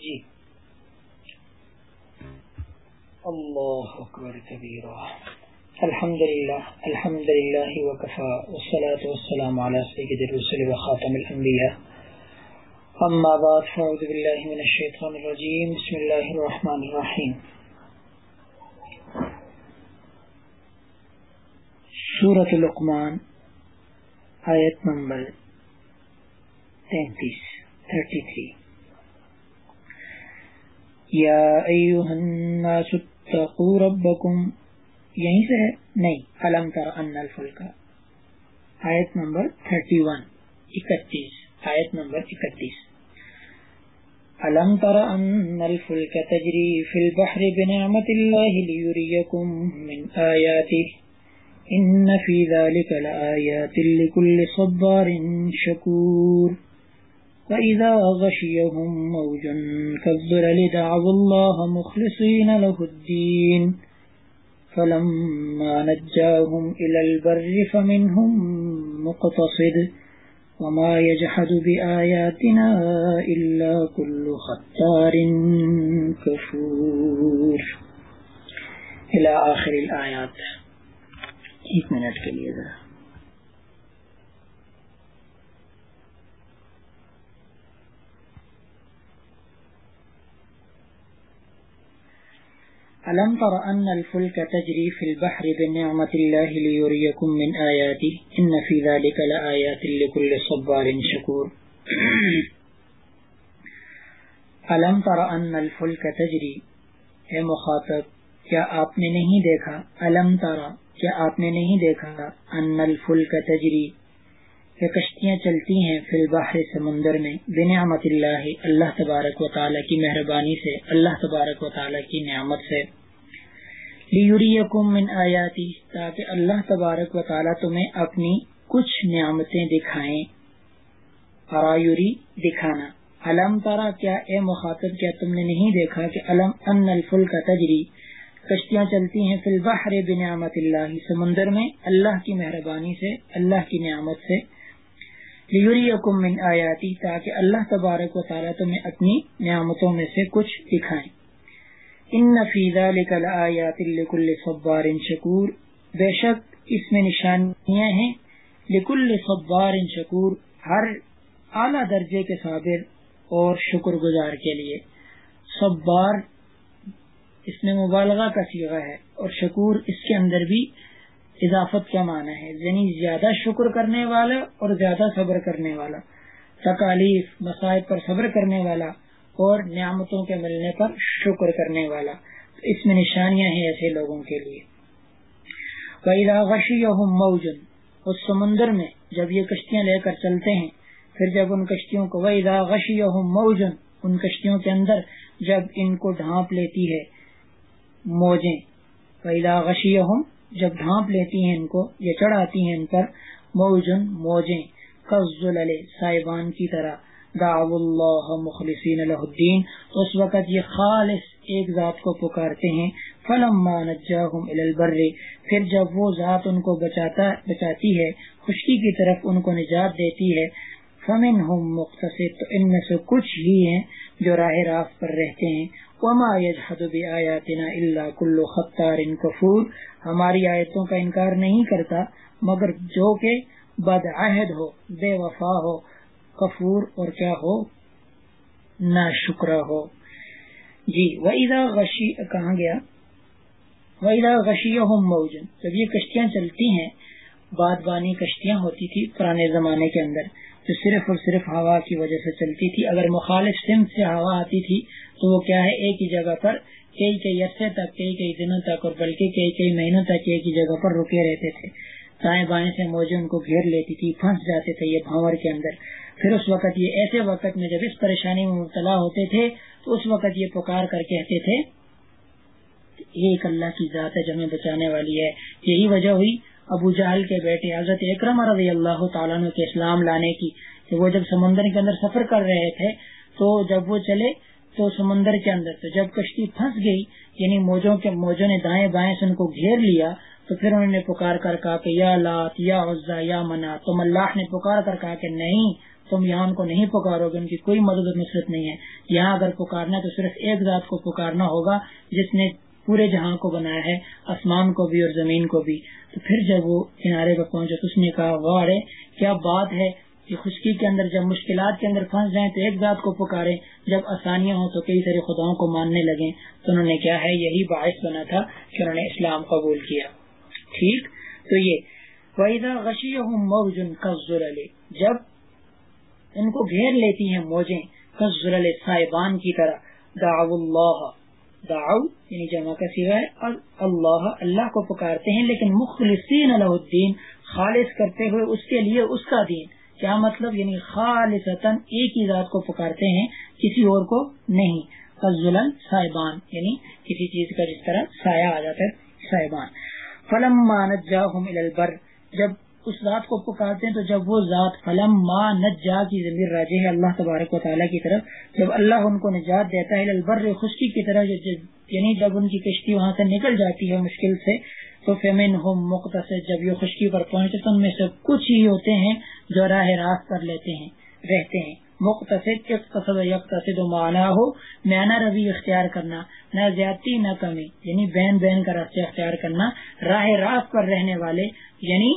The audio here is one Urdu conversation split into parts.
جي الله أكبر كبيرا الحمد لله الحمد لله وكفى والصلاة والسلام على سيد الرسل وخاتم الأنبياء أما بعد فأعوذ بالله من الشيطان الرجيم بسم الله الرحمن الرحيم سورة لقمان آية نمبر 33 یا ایوہ الناس اتقو ربکم یہیں يعني سے ہے نہیں نعم. علم تر ان الفلکا آیت آية نمبر 31 31 آیت نمبر 31 ألم تر أن الفلك تجري في البحر بنعمة الله ليريكم من آياته إن في ذلك لآيات لكل صبار شكور فإذا غشيهم موج كبر دعوا الله مخلصين له الدين فلما نجاهم إلى البر فمنهم مقتصد وما يجحد بآياتنا إلا كل ختار كفور إلى آخر الآيات كيف من के ذا تر الفلك تجري في البحر الله ليريكم من إن في ذلك لآيات لكل صبار شكور ألم تر أن الفلك تجري اے مخاطب کیا آپ نے نہیں دیکھا الم تارا کیا آپ نے نہیں دیکھا ان کا تجری چلتی ہیں فی البحر سمندر میں بنعمت اللہ اللہ تبارک و تعالیٰ کی مہربانی سے اللہ تبارک و تعالیٰ کی نعمت سے لیوری من آیاتی تاکہ اللہ تبارک و تعالیٰ تمہیں اپنی کچھ نعمتیں دکھائیں اور دکھانا علم تارا کیا اے مخاطب کیا تم نے نہیں دیکھا کہ علم ان الفل کا تجری کشتیاں چلتی ہیں فی البحر بنعمت اللہ سمندر میں اللہ کی مہربانی سے اللہ کی نعمت سے لیوری من آیاتی تاکہ اللہ تبارک و تعالیٰ تمہیں اپنی نعمتوں میں سے کچھ دکھائیں ان نفیزا لکل آیا تلک البار ان شکور بے شک اس میں نشانیاں ہیں لکل صوبار ان شکور ہر اعلیٰ درجے کے صابر اور شکر گزار کے لیے صبار اس میں مبالغہ کا سیغہ ہے اور شکور اس کے اندر بھی اضافت کا معنی ہے یعنی زیادہ شکر کرنے والا اور زیادہ صبر کرنے والا تکالیف مسائل پر صبر کرنے والا اور نعمتوں کے ملنے پر شکر کرنے والا اس میں نشانیاں ہیں ایسے لوگوں کے لیے موجن اس سمندر میں جب یہ کشتیاں لے کر چلتے ہیں پھر جب ان کشتیوں کو موجن ان کشتیوں کے اندر جب ان کو ڈھانپ لیتی ہے موجیں جب ڈھانپ لیتی ہیں ان کو یہ چڑھاتی ہیں ان پر موجن موجیں کز سائبان کی طرح دعو اللہ مخلصین مخلص الدین تو اس وقت یہ خالص ایک ذات کو پکارتے ہیں البر پھر جب وہ ذات ان کو بچاتا بچاتی ہے خشکی کی طرف ان کو نجات دیتی ہے مختصر تو ان میں سے کچھ ہی ہیں جو راہ راست پر رہتے ہیں وما يجحد نا الا کل خطار كفور کفور ہماری آیتوں کا انکار نہیں کرتا مگر جو کہ بدعہد ہو بے وفا ہو کفور اور کیا ہو ہو نہ شکرا جی غشی کہاں گیا ویدا غشی ہو موجن جب یہ کشتیاں چلتی ہیں بادبانی کشتیاں ہوتی تھی پرانے زمانے کے اندر جو صرف اور صرف ہوا کی وجہ سے چلتی تھی اگر مخالف سم سے ہوا آتی تھی تو وہ کیا ہے ایک ہی جگہ پر کئی کئی عرصے تک کئی کئی دنوں تک اور بلکہ کئی کئی مہینوں تک ایک ہی جگہ پر رکے رہتے تھے تائیں بائیں سے موجود کو گھیر لیتی تھی پھنس جاتے تھے یہ بھاور کے اندر پھر اس وقت یہ ایسے وقت میں جب اس پریشانی میں مبتلا ہوتے تھے تو اس وقت یہ پکار کر کہتے تھے ایک اللہ کی ذات ہے بچانے والی ہے یہی وجہ ہوئی ابو جہل کے بیٹے حضرت اکرم رضی اللہ تعالیٰ کے اسلام لانے کی کہ وہ جب سمندر کے اندر سفر کر رہے تھے تو جب وہ چلے تو سمندر کے اندر تو جب کشتی پھنس گئی یعنی موجوں موجوں کے نے دائیں بائیں سے ان کو گھیر لیا تو پھر انہوں نے پکار کر کہا کہ یا لات یا عزا یا منا تو ملاح نے پکار کر کہا کہ نہیں تم یہاں ان کو نہیں پکارو گے ان کی کوئی مدد اور نصرت نہیں ہے یہاں اگر پکارنا ہے تو صرف ایک ذات کو پکارنا ہوگا جس نے پورے جہاں کو بنایا ہے آسمان کو بھی اور زمین کو بھی تو پھر جب وہ کنارے پر پہنچے تو اس نے کہا غور کیا بات ہے کہ خشکی کے اندر جب مشکلات کے اندر پھنس جائیں تو ایک ذات کو پکارے جب آسانیاں ہوں تو کئی سارے خداؤں کو ماننے لگے تو انہوں نے کیا ہے یہی باعث بنا تھا کہ انہوں نے اسلام قبول کیا ٹھیک تو یہ وحیدہ غشی ہوں جب ان کو گھیر لیتی ہیں موجیں صاحبان کی طرح دعو اللہ دعو یعنی جمع کا سوا ہے اللہ اللہ کو پکارتے ہیں لیکن علیہ الدین خالص کرتے ہوئے اس کے لیے اس کا دین کیا مطلب یعنی خالص ایک ہی ذات کو پکارتے ہیں کسی اور کو نہیں فضول صاحبان یعنی کسی چیز کا جس طرح سایہ آ جاتا ہے صاحبان فلم مانت جب اس ذات کو پکارتے ہیں تو جب وہ ذات فلم ما نجا کی ضمیر راجی ہے اللہ تبارک و تعالیٰ کی طرف جب اللہ ان کو نجات دیتا ہے البر خشکی کی طرح یعنی جب ان کی کشتی وہاں سے نکل جاتی ہے مشکل سے تو فیمن ہو مختصر جب یہ خشکی پر پہنچتے تو ان میں سے کچھ ہی ہوتے ہیں جو راہ راست پر لیتے ہیں رہتے ہیں مختصر مانا ہو میانہ روی اختیار کرنا نہ زیادتی نہ کمی یعنی بین بین کا راستہ اختیار کرنا راہ راست پر رہنے والے یعنی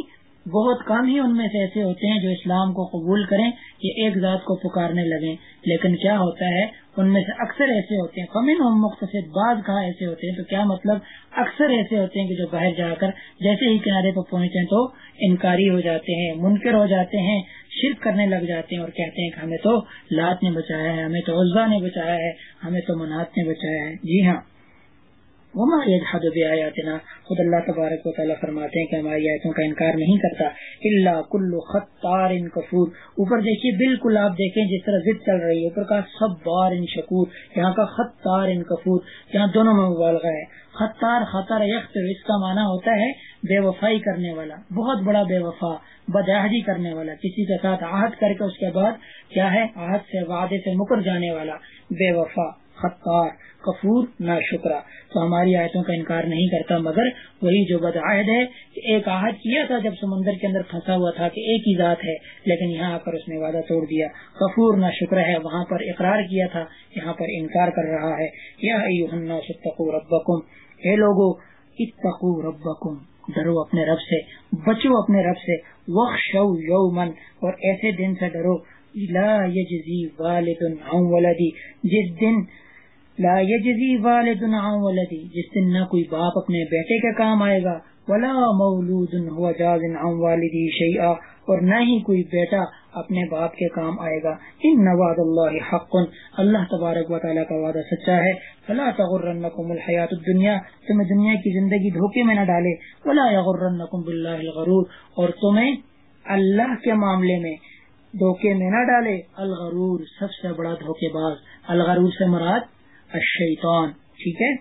بہت کم ہی ان میں سے ایسے ہوتے ہیں جو اسلام کو قبول کریں کہ ایک ذات کو پکارنے لگے لیکن کیا ہوتا ہے ان میں سے اکثر ایسے ہوتے ہیں ہم مختصر بعض کہاں ایسے ہوتے ہیں تو کیا مطلب اکثر ایسے ہوتے ہیں کہ جو باہر جا کر جیسے ہی کنارے پر پہنچے تو انکاری ہو جاتے ہیں منکر ہو جاتے ہیں شرک کرنے لگ جاتے ہیں اور کہتے ہیں کہ ہمیں تو لات نے بچایا ہے ہمیں تو عزا نے بچایا ہے ہمیں تو منات نے بچایا ہے جی ہاں وما یجحد بآياتنا خود اللہ تبارک و تعالیٰ فرماتے ہیں کہ ہماری آیتوں کا انکار نہیں کرتا الا کل خطار ان اوپر دیکھیے بالکل آپ دیکھیں جس طرح ضد چل رہی ہے اوپر خطار ان کفور یہاں دونوں میں مبالغہ ہے خطار خطار اس کا معنی ہوتا ہے بے وفائی کرنے والا بہت بڑا بے وفا بدعہدی کرنے والا کسی کے ساتھ عہد کر کے اس کے بعد کیا ہے آہد سے وعدے سے مکر جانے والا بے وفا خطار کفور نہ شکرا تو ہماری آیتوں کا انکار نہیں کرتا مگر وہی جو بد کہ ایک آہد کیا تھا جب سمندر کے اندر پھنسا ہوا تھا کہ ایک ہی ذات ہے لیکن یہاں آ کر اس نے وعدہ توڑ دیا کفور نہ شکرا ہے وہاں پر اقرار کیا تھا یہاں پر انکار کر رہا ہے یا لوگو اتقو ربکم ڈرو اپنے رب سے بچو اپنے رب سے وق یومن اور ایسے دن سے ڈرو لا یجزی عن ولدی جس دن لا یجزی والد ولدی جس دن نہ کوئی باپ اپنے بیٹے کا کام آئے گا ولا مولود جاز عن والدی شیئا اور نہ ہی کوئی بیٹا اپنے باپ کے کام آئے گا ان نواز اللہ حق اللہ تبارک و تعالیٰ کا وعدہ سچا ہے بلا تغرنکم الحیات الدنیا تمہیں دنیا کی زندگی دھوکے میں نہ ڈالے ولا یغرنکم باللہ الغرور اور تمہیں اللہ کے معاملے میں دھوکے میں نہ ڈالے الغرور سب سے بڑا دھوکے باز الغرور سے مراد شیتان ٹھیک ہے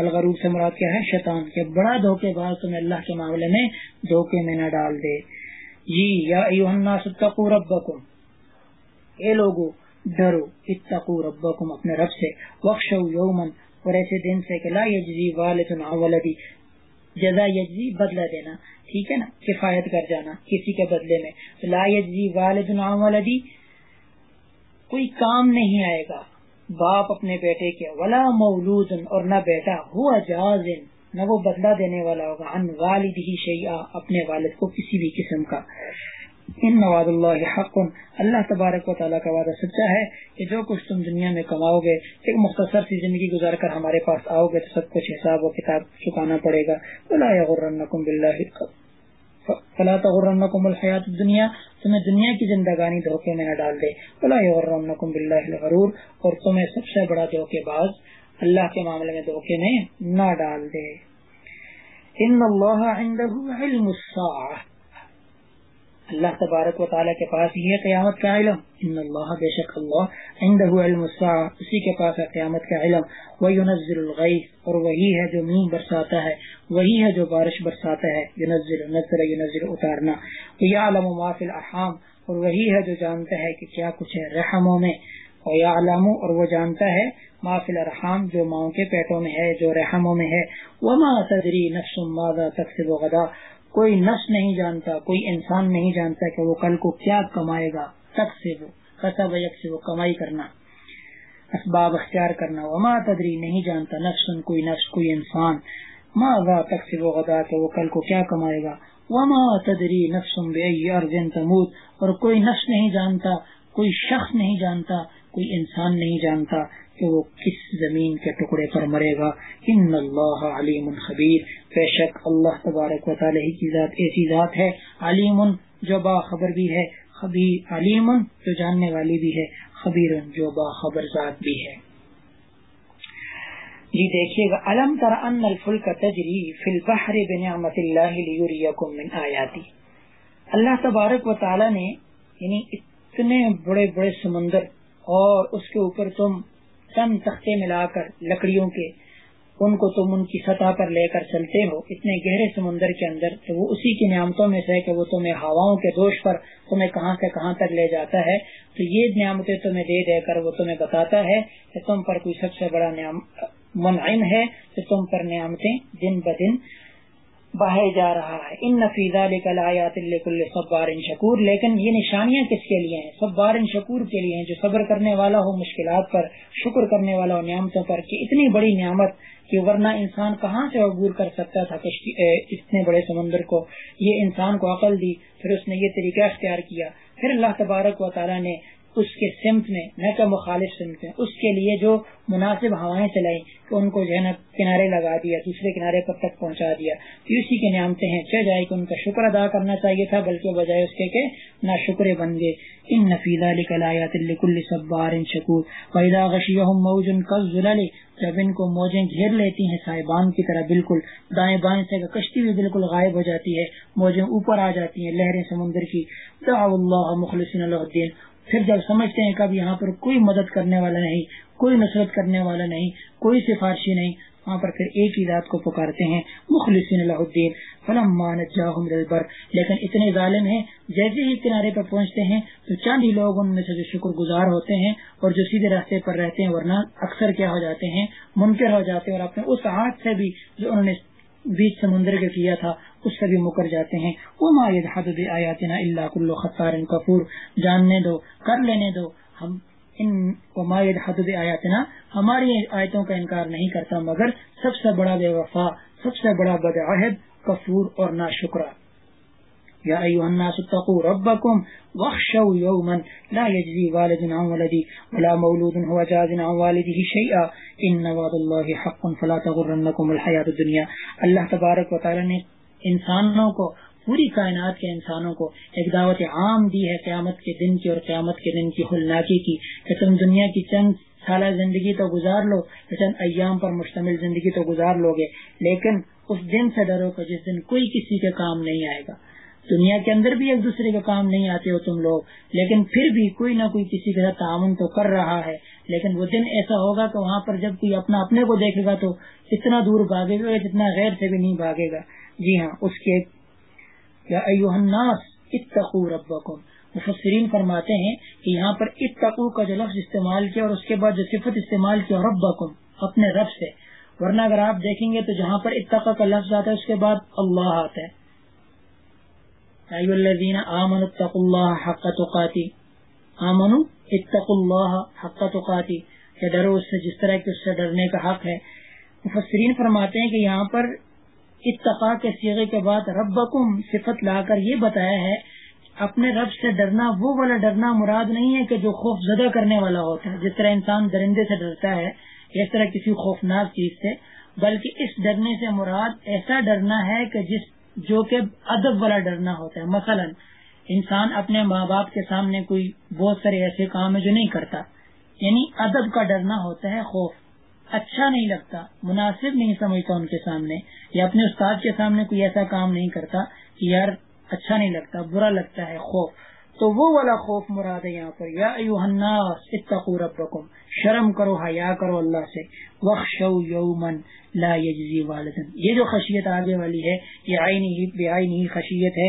الغروب سے مراد کیا ہے شیطان کے بڑا دھوکے باز اللہ کے معاملے میں دھوکے میں نہ ڈال دے جی یا اے لوگو ڈرو ربکم اپنے رب سے یومن اور ایسے دن سے کہ لا یجزی والد ولدی جزا یجزی بدلہ دینا ٹھیک ہے نا کفایت کر جانا کسی کے بدلے میں لا یجزی والد ولدی کوئی کام نہیں آئے گا باپ اپنے بیٹے کے ولا مولود اور نہ بیٹا ہوا جازن نہ وہ بدلہ دینے والا ہوگا ان والد ہی اپنے والد کو کسی بھی قسم کا ان اللہ حق اللہ تبارک و تعالیٰ کا وعدہ سچا ہے کہ جو کچھ تم دنیا میں کماؤ گے ایک مختصر سی زندگی گزار کر ہمارے پاس آؤ گے تو سب کچھ حساب و کتاب چکانا پڑے گا تغرنکم الحیات دنیا تمہیں دنیا کی زندگانی دھوکے میں نہ ڈال دے باللہ الغرور اور تمہیں سب سے بڑا دھوکے باز اللہ کے معاملے میں دھوکے میں نہ ڈال دے ان اللہ عنده علم اللہ تبارک و تعالیٰ کے پاس یہ قیامت کا علم ان اللہ بے شک اللہ علم اسی کے پاس ہے قیامت کا علم اور وہی ہے جو مین برساتا ہے وہی ہے جو بارش برساتا ہے نظر اتارنا یا علم وافل احام اور وہی ہے جو جانتا ہے کہ کیا کچھ ہے رحموں میں اور یا علام اور وہ جانتا ہے محفل ارحام جو ماؤں کے پیٹوں میں ہے جو رحموں میں ہے وہاں غدا کوئی نس نہیں جانتا کوئی انسان نہیں جانتا کہ وہ کل کو کیا کمائے گا تک سے وہ سے وہ کمائی کرنا اسباب اختیار کرنا وما تدری نہیں جانتا نفس کوئی نفس کوئی انسان ماں تک سے وہ غدا کہ وہ کل کو کیا کمائے گا وما تدری تموت اور کوئی نفس نہیں جانتا کوئی شخص نہیں جانتا کوئی انسان نہیں جانتا کہ وہ کس زمین کے ٹکڑے پر مرے گا ان اللہ علیم خبیر بے شک اللہ تبارک و تعالی کی ذات ایسی ذات ہے علیم جو باخبر بھی ہے خبیر علیم جو جاننے والی بھی ہے خبیر جو باخبر ذات بھی ہے جی دیکھیے گا علم تر ان الفل کا تجری فل بحر بنعمت اللہ من آیاتی اللہ تبارک و تعالی نے یعنی اتنے بڑے بڑے سمندر اور اس کے اوپر تم چند تختے ملا کر لکڑیوں کے ان کو تم ان کی سطح پر لے کر چلتے ہو اتنے گہرے سمندر کے اندر تو وہ اسی کی نعمتوں میں سے کہ وہ تمہیں ہواؤں کے دوش پر تمہیں کہاں سے کہاں تک لے جاتا ہے تو یہ نعمتیں تمہیں دے دے کر وہ تمہیں بتاتا ہے کہ تم پر کوئی سب سے بڑا منعم ہے کہ تم پر نعمتیں دن بدن دن بہے جا رہا ہے ان صبار ان شکور لیکن یہ نشانیاں کس کے لیے سب بار ان شکور کے لیے ہیں جو صبر کرنے والا ہو مشکلات پر شکر کرنے والا ہو نعمتوں پر کہ اتنی بڑی نعمت کہ ورنہ انسان کہاں سے عبور کر سکتا تھا اتنے بڑے سمندر کو یہ انسان کو عقل دی پھر اس نے یہ طریقہ اختیار کیا پھر اللہ تبارک و تعالیٰ نے اس کے سمت میں نہ کہ مخالف سمت میں اس کے لیے جو مناسب ہوائیں چلائیں ان کو جو ہے نا کنارے لگا دیا دوسرے کنارے پر تک پہنچا دیا تو اسی کے جائے کہ ان کا شکر ادا کرنا چاہیے تھا بلکہ بجائے اس کے نہ شکرے بن گئے ان شکور پیدا ان کا لی جب ان کو موجیں گھیر لیتی ہیں صاحبان کی طرح بالکل دائیں بائیں سے کشتی بھی بالکل غائب ہو جاتی ہے موجیں اوپر آ جاتی ہیں لہریں سمندر کی اللہ الدین پھر جب سمجھتے ہیں کہ اب یہاں پر کوئی مدد کرنے والا نہیں کوئی نصرت کرنے والا نہیں کوئی سفارشی نہیں وہاں پر پھر ایک ہی رات کو پکارتے ہیں اللہ الدین فلم جاہم البر لیکن اتنے ظالم ہیں جیسے ہی کنارے پر پہنچتے ہیں تو چند ہی لوگ ان میں سے جو شکر گزار ہوتے ہیں اور جو سیدھے راستے پر رہتے ہیں ورنہ اکثر کیا ہو جاتے ہیں منکر ہو جاتے ہیں اور اپنے اس ہاتھ سے بھی جو انہوں نے بیچ سمندر کے کیا تھا اس سے بھی مکر جاتے ہیں خطار جاننے دو کر لینے دو ہم ان آنا ہماری آیتوں کا انکار نہیں کرتا مگر سب سے بڑا بے وفا سب سے بڑا عہد کفور اور نا شکرا ستبا کم عن والدی بھلا مولود ہی اللہ تبارک و تعالیٰ نے انسانوں کو پوری کائنات کے انسانوں کو ایک دعوت عام دی ہے قیامت کے دن کی اور قیامت کے دن کی ہلناکی کی کہ تم دنیا کی چند سالہ زندگی تو گزار لو چند ایام پر مشتمل زندگی تو گزار لو گے لیکن اس دن سے ڈرو کہ جس دن کوئی کسی کے کام نہیں آئے گا دنیا کے اندر بھی ایک دوسرے کے کام نہیں آتے ہو تم لوگ لیکن پھر بھی کوئی نہ کوئی کسی کے ساتھ تعاون تو کر رہا ہے لیکن وہ دن ایسا ہوگا کہ وہاں پر جب کوئی اپنا اپنے کو دیکھے گا تو اتنا دور بھاگے گا جتنا غیر سے بھی نہیں بھاگے گا جی ہاں اس کے اتقو ربکم مفسرین فرماتے ہیں کہ یہاں پر اتقو کا جو لفظ استعمال کیا اور اس کے بعد جو صفت استعمال کیا ربکم اپنے رب سے ورنہ اگر آپ دیکھیں گے تو جہاں پر اتقا کا لفظ آتا ہے اس کے بعد اللہ آتا ہے اتقوا اللہ حق تقاتی آمنو اتق اللہ حق یا ڈرو اس سے جس طرح کہ اس سے ڈرنے کا حق ہے مفسرین فرماتے ہیں کہ یہاں پر اتقا کے سیغے کے بعد رب صفت لا کر یہ بتایا ہے اپنے رب سے ڈرنا وہ والا ڈرنا مراد نہیں ہے کہ جو خوف زدہ کرنے والا ہوتا ہے جس طرح انسان درندے سے ڈرتا ہے اس طرح کسی خوفناک چیز سے بلکہ اس ڈرنے سے مراد ایسا ڈرنا ہے کہ جس جو کہ ادب والا ڈرنا ہوتا ہے مثلاً انسان اپنے ماں باپ کے سامنے کوئی بہت سارے ایسے کام ہے جو نہیں کرتا یعنی ادب کا ڈرنا ہوتا ہے خوف اچھا نہیں لگتا مناسب نہیں سمجھتا ان کے سامنے یا اپنے استاد کے سامنے کوئی ایسا کام نہیں کرتا کہ یار اچھا نہیں لگتا برا لگتا ہے خوف تو وہ والا خوف مراد ہے یہاں پر یا الناس ربکم شرم کرو حیا کرو اللہ سے وخشو یومن لا یجزی والدن یہ جو خشیت آگے والی ہے یہ بے نہیں خشیت ہے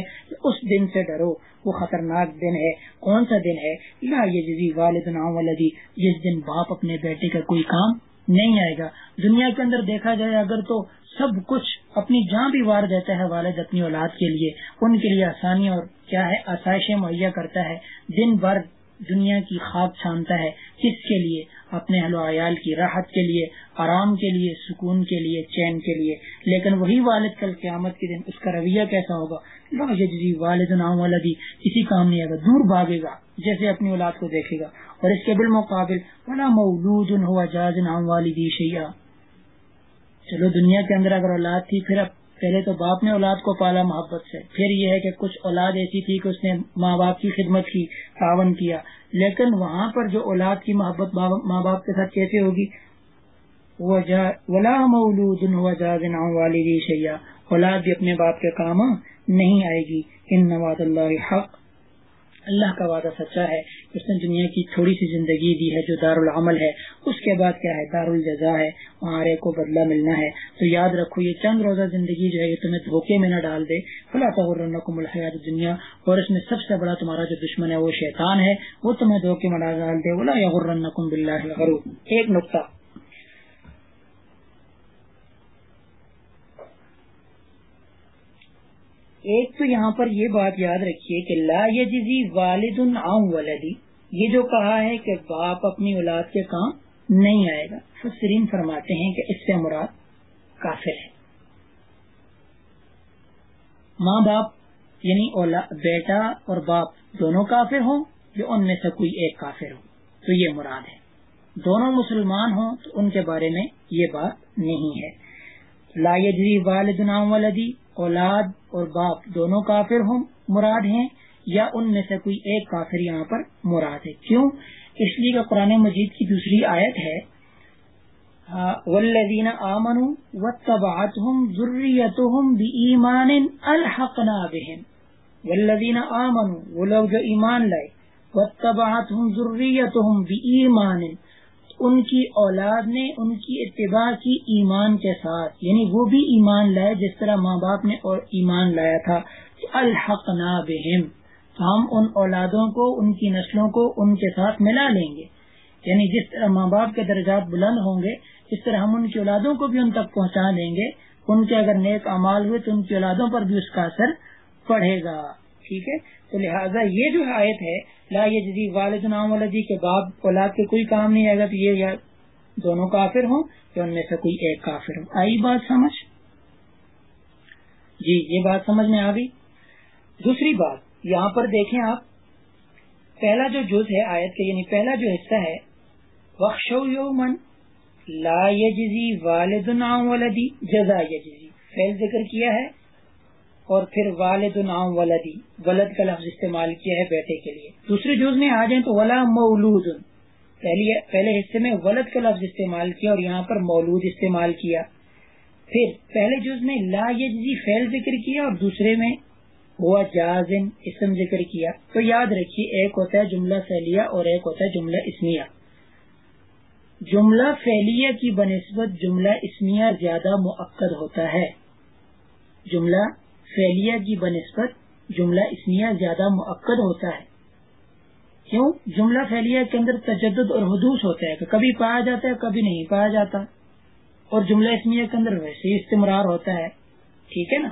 اس دن سے ڈرو وہ خطرناک دن ہے کون سا دن ہے لا یجزی والدن آؤں والدی جس دن باپ اپنے بیٹے کا کوئی کام نہیں آئے گا دنیا کے اندر دیکھا جائے اگر تو سب کچھ اپنی جہاں بھی وار دیتا ہے والد اپنی اولاد کے لیے ان کے لیے آسانی اور کیا ہے آسائشیں مہیا کرتا ہے دن بھر دنیا کی خواب چھانتا ہے کس کے لیے اپنے اہل و عیال کی راحت کے لیے آرام کے لیے سکون کے لیے چین کے لیے لیکن وہی والد کل قیامت کے دن اس کا رویہ کیسا ہوگا والد نام والدی کسی کام نہیں آئے گا دور بھاگے گا جیسے اپنی اولاد کو دیکھے گا اور اس کے بالمقابل چلو دنیا کے اندر اگر اولاد تھی پھر اب پہلے تو باپ نے اولاد کو پالا محبت سے پھر یہ ہے کہ کچھ اولاد ایسی تھی کہ اس نے ماں باپ کی خدمت کی تعاون کیا لیکن وہاں پر جو اولاد کی محبت ماں باپ کے ساتھ کیسے ہوگی ولا مولود ہوا جاز والی دی شیا اولاد بھی اپنے باپ کے کام نہیں آئے گی ان نواز اللہ حق اللہ کا وعدہ سچا ہے اس نے دنیا کی تھوڑی سی زندگی دی ہے جو دار العمل ہے اس کے بعد کیا ہے دار الجزا ہے وہاں رے کو بدلہ ملنا ہے تو یاد رکھو یہ چند روزہ زندگی جو ہے یہ تمہیں دھوکے میں نہ ڈال دے بلا کو ملحیات دنیا اور اس میں سب سے بڑا تمہارا جو دشمن ہے وہ شیطان ہے وہ تمہیں دھوکے نہ ڈال دے بولا یا الم بل ایک نقطہ ایک تو یہاں پر یہ بات یاد رکھیے کہ لا یجزی والد ولدی یہ جو کہا ہے کہ باپ اپنی اولاد کے کام نہیں آئے گا سرین فرماتے ہیں کہ اس سے مراد کافر ہے ماں باپ یعنی بیٹا اور باپ دونوں کافر ہوں یا ان میں سے کوئی ایک کافر ہو تو یہ مراد ہے دونوں مسلمان ہوں تو ان کے بارے میں یہ بات نہیں ہے لا یجزی والد ولدی اولاد اور باپ دونوں کافر ہوں مراد ہیں یا ان میں سے کوئی ایک کافر یہاں پر مراد ہے کیوں اس لیے کہ قرآن مجید کی دوسری آیت ہے تبات ہوں ضروری تم الحقنا الحق نا آمن وہ لوگ جو ایمان لائے وبا تم ضروری تم بھی ان کی اولاد نے ان کی اتباع کی ایمان کے ساتھ یعنی وہ بھی ایمان لائے جس طرح ماں باپ نے اور ایمان لایا تھا الحق بہم ہم ان اولادوں کو ان کی نسلوں کو ان کے ساتھ ملا لیں گے یعنی جس طرح ماں باپ کے درجات بلند ہوں گے اس طرح ہم ان کی اولادوں کو بھی ان تک پہنچا دیں گے ان کے اگر نیک امال ہوئے تو ان کی اولادوں پر بھی اس کا اثر پڑے گا ٹھیک ہے تو لہٰذا یہ جو آیت ہے لا جدید والد نام والدی کے باپ اولاد کے کوئی کام نہیں آئے گا تو یہ یا دونوں کافر ہوں یا ان میں سے کوئی ایک کافر ہو آئی بات سمجھ جی یہ بات سمجھ میں آ گئی دوسری بات یہاں پر دیکھیں آپ پہلا جو جز ہے آیت کا یعنی پہلا جو حصہ ہے لا والدی جزا ذکر کیا ہے اور پھر والد نام ولدی ولد کا لفظ استعمال کیا ہے بیٹے کے لیے دوسرے جز میں آ جائیں تو ولا مولود پہلے حصے میں ولد کا لفظ استعمال کیا اور یہاں پر مولود استعمال کیا پھر پہلے جز میں لا یجزی ذکر کیا اور دوسرے میں ہوا جازن اسم ذکر کیا تو یاد رکھیے ایک ہوتا ہے جملہ فیلیا اور ایک ہوتا ہے جملہ اسمیا جملہ فیلیا کی بنسبت جملہ اسمیا زیادہ موقع ہوتا ہے جملہ فیلیا کی بنسبت جملہ اسمیا زیادہ معقد ہوتا ہے کیوں جملہ فیلیا کے اندر تجدد اور حدوث ہوتا ہے کہ کبھی پایا جاتا ہے کبھی نہیں پایا جاتا اور جملہ اسمیا کے اندر ویسے استمرار ہوتا ہے ٹھیک ہے نا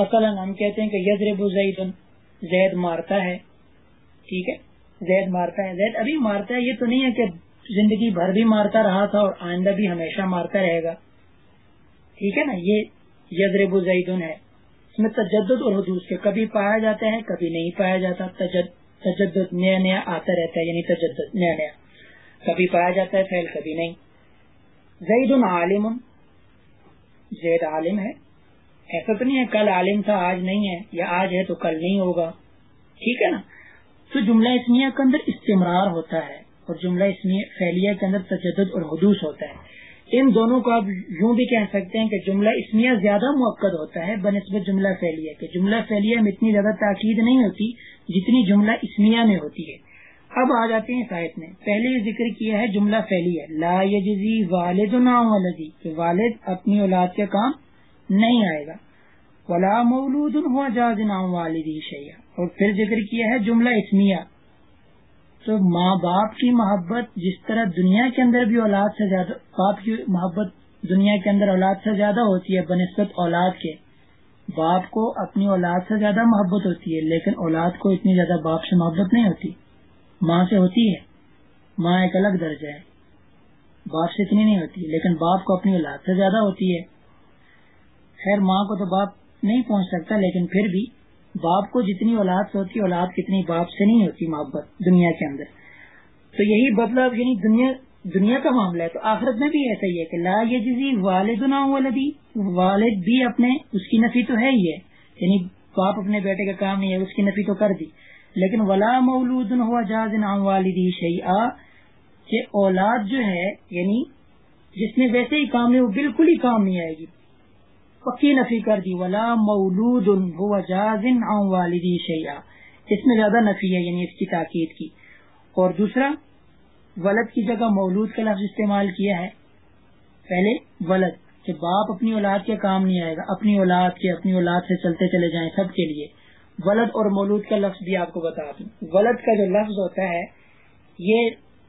مثلا ہم کہتے ہیں کہ یزرب زیدن زید مارتا ہے ٹھیک ہے زید مارتا ہے زید ابھی مارتا ہے یہ تو نہیں ہے کہ زندگی بھر بھی مارتا رہا تھا اور آئندہ بھی ہمیشہ مارتا رہے گا ٹھیک ہے نا یہ یزرب زیدن ہے اس میں تجدد اور کے کبھی پایا جاتا ہے کبھی نہیں پایا جاتا تجدد نیا نیا آتا رہتا ہے یعنی تجدد نیا نیا کبھی پایا جاتا ہے فیل کبھی نہیں زید عالم زید عالم ہے ایسا تو نہیں ہے کل عالم تھا آج نہیں ہے یا آج ہے تو کل نہیں ہوگا ٹھیک ہے نا تو جملہ اسمیہ کے اندر استمرار ہوتا ہے اور جملہ اسمیہ فیلیا کے اندر تجدد اور حدوث ہوتا ہے ان دونوں کو آپ یوں بھی کہہ سکتے ہیں کہ جملہ اسمیہ زیادہ موقع ہوتا ہے بنسبت جملہ فیلیہ جملہ فیلیہ میں اتنی زیادہ تاکید نہیں ہوتی جتنی جملہ اسمیہ میں ہوتی ہے اب آ جاتے ہیں سائز میں پہلے یہ ذکر کیا ہے جملہ فیلیہ لا والد ناؤ والی والد اپنی اولاد کے کام نہیں آئے گا ولا مولود ہوا جاز نام والدی شیا اور پھر ذکر کیا ہے جملہ اسمیہ تو ماں باپ کی محبت جس طرح دنیا کے اندر بھی اولاد سے زیادہ باپ کی محبت دنیا کے اندر اولاد سے زیادہ ہوتی ہے بنسبت اولاد کے باپ کو اپنی اولاد سے زیادہ محبت ہوتی ہے لیکن اولاد کو اتنی زیادہ باپ سے محبت نہیں ہوتی ماں سے ہوتی ہے ماں ایک الگ درجہ ہے باپ سے اتنی نہیں ہوتی لیکن باپ کو اپنی اولاد سے زیادہ ہوتی ہے خیر ماں کو تو باپ نہیں پہنچ سکتا لیکن پھر بھی باپ کو جتنی اولاد سے ہوتی اولاد کتنی باپ سے نہیں ہوتی محبت دنیا کے اندر تو یہی مطلب یعنی دنیا دنیا کا معاملہ ہے تو آخرت میں بھی ایسا ہی ہے کہ لا یہ جزی والد نہ والد بھی اپنے اس کی نفی تو ہے ہی ہے یعنی باپ اپنے بیٹے کا کام نہیں ہے اس کی نفی تو کر دی لیکن ولا مولود ہوا جاز نام والدی کہ اولاد جو ہے یعنی جس میں ویسے ہی کام نہیں وہ بالکل ہی کام نہیں آئے گی پکی نفی کر دی ولا مولود اس میں زیادہ نفی ہے یعنی اس کی تاکید کی اور دوسرا ولد کی جگہ مولود کا لفظ استعمال کیا ہے پہلے ولد کہ باپ اپنی اولاد کے کام نہیں آئے گا اپنی اولاد کے اپنی اولاد سے چلتے چلے جائیں سب کے لیے ولد اور مولود کا لفظ بھی آپ کو بتا دوں ولد کا جو لفظ ہوتا ہے یہ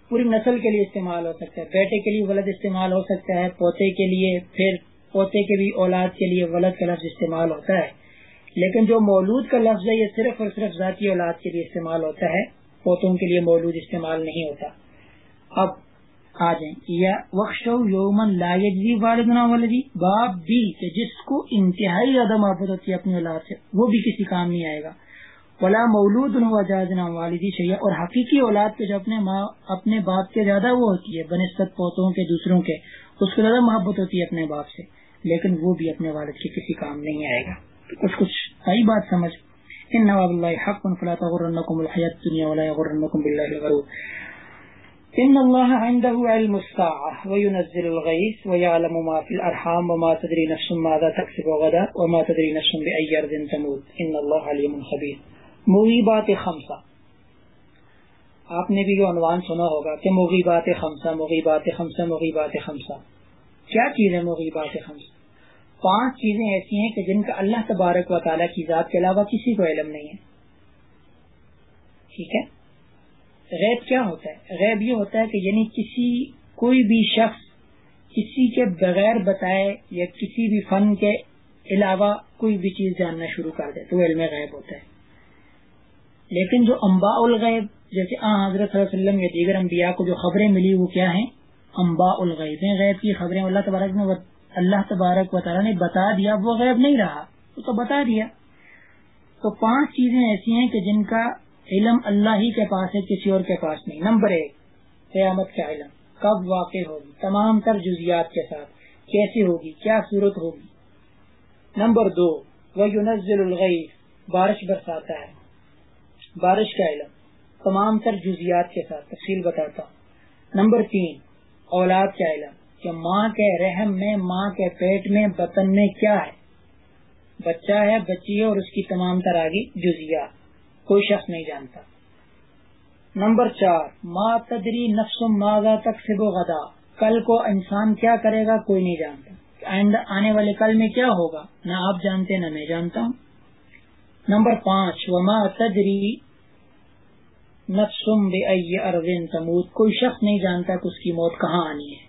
پوری نسل کے لیے استعمال ہو سکتا ہے بیٹے کے لیے ولد استعمال ہو سکتا ہے پوتے کے لیے پھر پوتے کے بھی اولاد کے لیے غلط کا لفظ استعمال ہوتا ہے لیکن جو مولود کا لفظ ہے یہ صرف اور صرف ذاتی اولاد کے لیے استعمال ہوتا ہے پوتوں کے لیے مولود استعمال نہیں ہوتا اب آ جائیں یا وقش یومن لا والد والدنا والدی باپ بھی کہ جس کو انتہائی زیادہ محبت ہوتی ہے اپنی اولاد سے وہ بھی کسی کام نہیں آئے گا بلا مولود نام والدی سیاح اور حقیقی اولاد کے جو اپنے ماں اپنے باپ کے زیادہ وہ ہوتی ہے بنسبت پوتوں کے دوسروں کے اس کو زیادہ محبت ہوتی ہے اپنے باپ سے لیکن وہ بھی اپنے والد کے کسی کام نہیں آئے گا کچھ کچھ صحیح بات سمجھ ان ان ان نواب اللہ حق فلا تغرنکم الحیات دنیا ولا یغرنکم باللہ الغرور عنده علم الساعة ما وما وما نفس نفس ماذا غدا تموت مغیبات خمسہ آپ نے بھی یہ عنوان سنا ہوگا کہ مغیبات مغیبات مغیبات خمسہ خمسہ خمسہ کیا چیزیں مغیبات خمس پانچ چیزیں ایسی ہیں کہ جن کا اللہ تبارک و تعالیٰ کی ذات کے علاوہ کسی کو علم نہیں ہے ٹھیک ہے غیب کیا ہوتا ہے غیب یہ ہوتا ہے کہ یعنی کسی کوئی بھی شخص کسی کے بغیر بتائے یا کسی بھی فن کے علاوہ کوئی بھی چیز جاننا شروع کر دے تو علم غیب ہوتا ہے لیکن جو الغیب جیسے آ حضرت صلی اللہ علیہ وسلم یا دیگر انبیاء کو جو خبریں ملی وہ کیا ہیں امبا الغیب غیب کی خبریں اللہ تبارک اللہ تبارک و تعالیٰ نے بتا دیا وہ غیب نہیں رہا تو بتا دیا تو پانچ چیزیں ایسی ہیں کہ جن کا علم اللہ ہی کے پاس ہے کسی اور کے پاس نہیں نمبر ایک قیامت کا علم کب واقع ہوگی تمام تر جزیات کے ساتھ کیسی ہوگی کیا صورت ہوگی نمبر دو وہ یونزل الغیب بارش برساتا ہے بارش کا علم تمام تر جزیات کے ساتھ تفصیل بتاتا ہوں نمبر تین اولاد کا علم کہ ماں کے رحم میں ماں کے پیٹ میں بطن میں کیا ہے بچہ ہے بچی اور اس کی تمام تراگی جزیا کوئی شخص نہیں جانتا نمبر چار ماں تدری نفس ماضا تک غدا کل کو انسان کیا کرے گا کوئی نہیں جانتا آنے والے کل میں کیا ہوگا نہ آپ جانتے نہ میں جانتا ہوں نمبر پانچ ماں تدری نفسم بے اردن تمود کوئی شخص نہیں جانتا کہ اس کی موت کہاں آنی ہے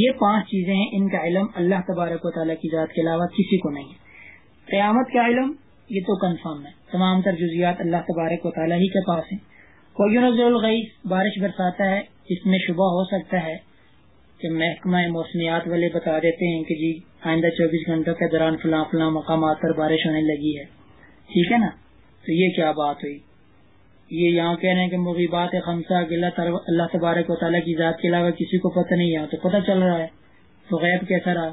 یہ پانچ چیزیں ہیں ان کا علم اللہ تبارک و تعالیٰ کی ذات کے علاوہ کسی کو نہیں قیامت کا علم یہ تو کنفرم ہے تمام تر جزیات اللہ تبارک و تعالیٰ ہی کے پاس ہیں کوئی نظر گئی بارش برساتا ہے اس میں شبہ ہو سکتا ہے کہ محکمہ موسمیات والے بتا دیتے ہیں کہ جی آئندہ چوبیس گھنٹوں کے دوران فلاں فلاں مقامات پر بارش ہونے لگی ہے ٹھیک ہے نا تو یہ کیا بات ہوئی یہ یہاں کہہ رہے مغی بات خمسا اللہ تعالیٰ اللہ تبارک و تعالیٰ کی ذات کے علاوہ کسی کو پتہ نہیں آ تو پتہ چل رہا ہے تو غیب کیسا رہا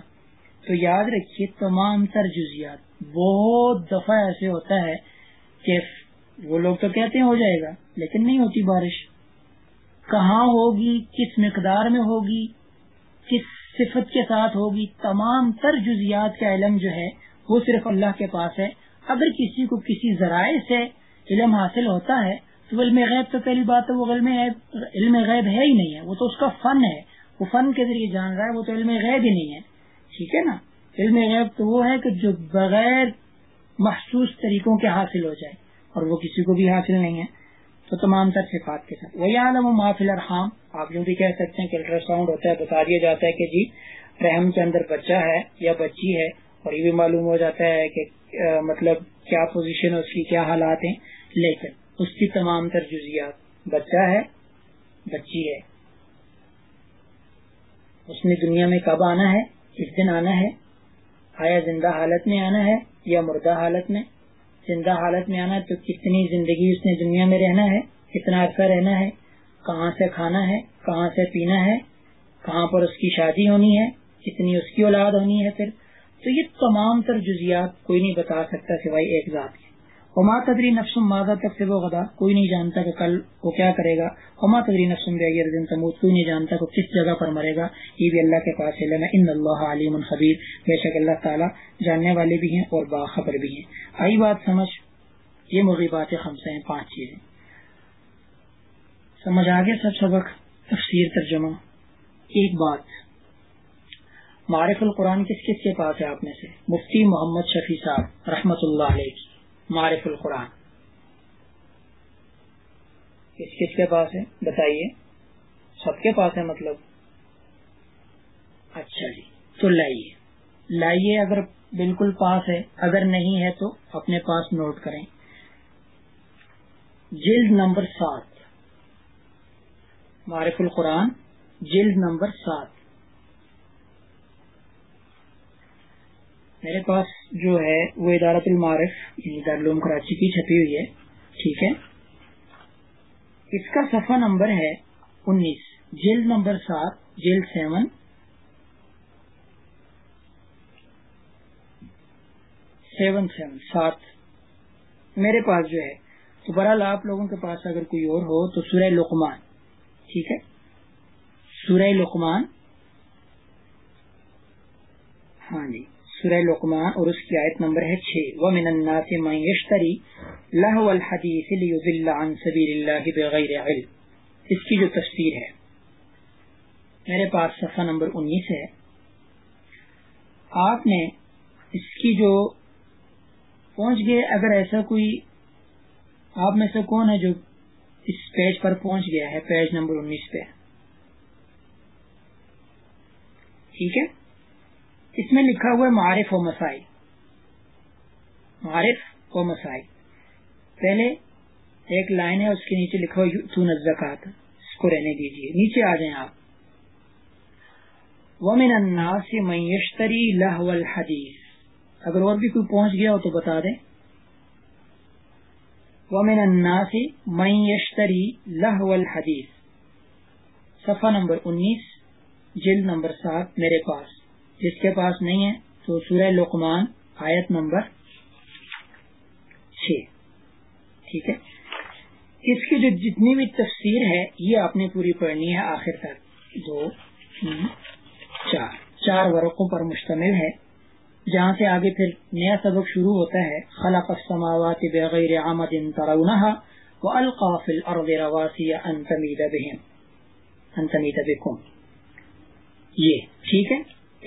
تو یاد رکھیے تمام تر جزیات بہت دفعہ ایسے ہوتا ہے کہ وہ لوگ تو کہتے ہیں ہو جائے گا لیکن نہیں ہوتی بارش کہاں ہوگی کس مقدار میں ہوگی کس صفت کے ساتھ ہوگی تمام تر جزیات کا علم جو ہے وہ صرف اللہ کے پاس ہے اگر کسی کو کسی ذرائع سے علم حاصل ہوتا ہے غل علم غیب تو پہلی بات ہے وہ علم علم غیب ہے ہی نہیں ہے وہ تو اس کا فن ہے وہ فن کے ذریعے جان رہا ہے وہ تو علم غیب ہی نہیں ہے ٹھیک ہے نا علم غیب تو وہ ہے کہ جو بغیر محسوس طریقوں کے حاصل ہو جائے اور وہ کسی کو بھی حاصل نہیں ہے تو تمام تر صفات کے ساتھ وہی عالم و محافل ارحام آپ جو بھی کہہ سکتے ہیں کہ الٹرا ساؤنڈ ہوتا ہے بتا دیا جاتا ہے کہ جی رحم کے اندر بچہ ہے یا بچی ہے اور یہ بھی معلوم ہو جاتا ہے کہ مطلب کیا پوزیشن ہے اس کی کیا حالات ہیں لیکن اس کی تمام تر جزیات بچہ ہے بچی ہے اس نے دنیا میں کب آنا ہے کس دن آنا ہے آیا زندہ حالت میں آنا ہے یا مردہ حالت میں زندہ حالت میں آنا ہے تو کتنی زندگی اس نے دنیا میں رہنا ہے کتنا عرصہ رہنا ہے کہاں سے کھانا ہے کہاں سے پینا ہے کہاں پر اس کی شادی ہونی ہے کتنی اس کی اولاد ہونی ہے پھر تو یہ تمام تر جزیات کوئی نہیں بتا سکتا سوائے ایک ذات کے وما تدری نفسم مادہ تک سے وہ غدا کوئی نہیں جانتا کہ کل وہ کیا کرے گا وما تدری نفسم دن کوئی نہیں جانتا کہ کس جگہ پر مرے گا یہ بھی اللہ کے پاس ہے ان اللہ علیم الخبیر بے شک اللہ تعالیٰ جاننے والے بھی ہیں اور باخبر بھی ہیں آئی بات سمجھ یہ مرغی بات خم سے پانچ چیزیں سمجھ آگے سب سبق تفسیر ترجمہ ایک بات معرف القرآن کس کس کے پاس ہے آپ میں سے مفتی محمد شفیع صاحب رحمت اللہ کی معرف القرآن کس کس کے پاس ہے بتائیے سب کے پاس ہے مطلب اچھا جی تو لائیے لائیے اگر بالکل پاس ہے اگر نہیں ہے تو اپنے پاس نوٹ کریں جلد نمبر سات معرف القرآن جلد نمبر سات میرے پاس جو ہے وہ ادارت المارفر یعنی دارالعلوم کراچی کی چھپی ہوئی ہے ٹھیک ہے اس کا صفحہ نمبر ہے انیس نمبر سات سیون سیون سیون سات میرے پاس جو ہے تو برحال آپ لوگوں کے پاس اگر کوئی اور ہو تو سورہ لقمان ٹھیک ہے سورہ لقمان ہاں جی سورہ لقمان اور اس کی آیت نمبر ہے چھ و من سے بغیر علم اس کی جو تصویر ہے میرے پاس صفحہ نمبر ہے آپ نے اس کی جو پہنچ گئے اگر ایسا کوئی آپ میں سے کون ہے جو اس پیج پر پہنچ گیا ہے پیج نمبر انیس پہ ٹھیک ہے اس میں لکھا ہوا ہے معارف و مسائل معارف و مسائل پہلے ایک لائن ہے اس کے نیچے لکھا ہوا اس کو رہنے دیجیے نیچے آ جائیں آپ ومن الناس من میشتری لہ الحدیث اگر اور بھی کوئی پہنچ گیا ہو تو بتا دیں ومن الناس من میشتری لهو الحديث صفحہ نمبر انیس جلد نمبر سات میرے پاس جس کے پاس نہیں ہے تو سورہ لقمان آیت نمبر چھ ٹھیک ہے اس کی جو جتنی بھی تفسیر ہے یہ آپ نے پوری پڑھنی ہے آخر تک دو چار چار ورقوں پر مشتمل ہے جہاں سے آگے پھر نیا سبق شروع ہوتا ہے خلق السماوات بغیر خلا قسمات القافل اور غیر یہ ٹھیک ہے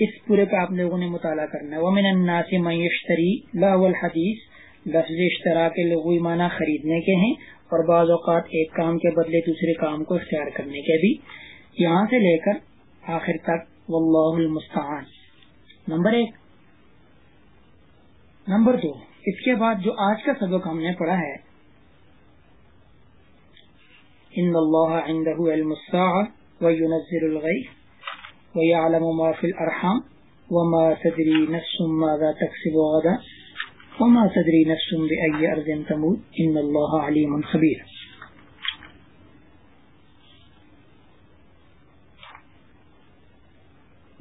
اس پورے کا آپ لوگوں نے مطالعہ کرنا ہے ومن الناس من یشتری لہو الحدیث لفظ اشترا کے لغوی معنی خریدنے کے ہیں اور بعض اوقات ایک کام کے بدلے دوسرے کام کو اختیار کرنے کے بھی یہاں سے لے کر آخر تک واللہ المستعان نمبر ایک نمبر دو اس کے بعد جو آج کا سبق ہم نے پڑھا ہے ان اللہ عندہ علم الساعة وینزل الغیف ويعلم ما في الأرحام وما تدري نفس ماذا تكسب غدا وما تدري نفس بأي أرض تموت إن الله عليم خبير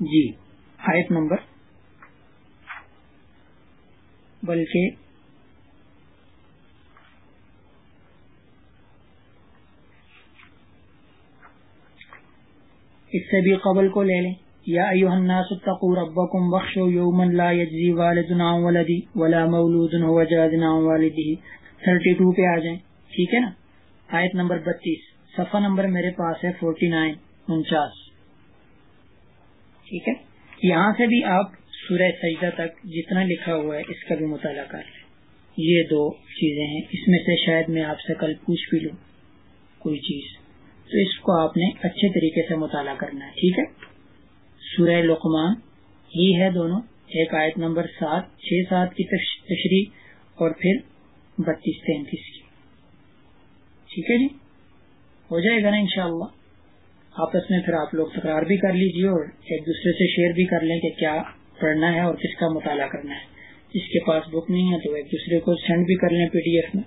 جي آیت نمبر بلکہ اس سے بھی قبل کو لے لیں یا ربکم بخشو یوما لا یجزی ولا تھرٹی ٹو پہ آ جائیں ٹھیک ہے نا آیت نمبر بتیس صفحہ نمبر میرے پاس ہے فورٹی نائن انچاس ٹھیک ہے یہاں سے بھی آپ سورہ سجدہ تک جتنا لکھا ہوا ہے اس کا بھی مطالعہ کر لیں یہ دو چیزیں ہیں اس میں سے شاید میں آپ سے کل پوچھ بھی لوں کوئی چیز تو اس کو آپ نے اچھے طریقے سے مطالعہ کرنا ہے ٹھیک ہے سورہ لقمان ہی ہے دونوں ایک آیت نمبر سات سات چھ کی تشریح اور پھر بتیس تینتیس کی ٹھیک ہے جی ہو جائے گا نا ان شاء اللہ آپس میں پھر آپ لوگ تکرار بھی کر لیجئے اور ایک دوسرے سے شیئر بھی کر لیں کہ کیا پڑھنا ہے اور کس کا مطالعہ کرنا ہے جس کے پاس بک نہیں ہے تو ایک دوسرے کو سینڈ بھی کر لیں پی ڈی ایف میں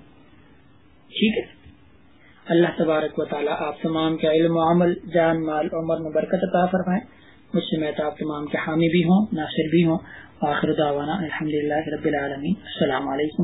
ٹھیک ہے اللہ تبارک و تعالیٰ آپ تمام کے علم و عمل جان مال عمر میں برکت عطا فرمائے مجھ سے میں آپ تمام کے حامی بھی ہوں ناصر بھی ہوں آخر الحمد الحمدللہ رب العالمین السلام علیکم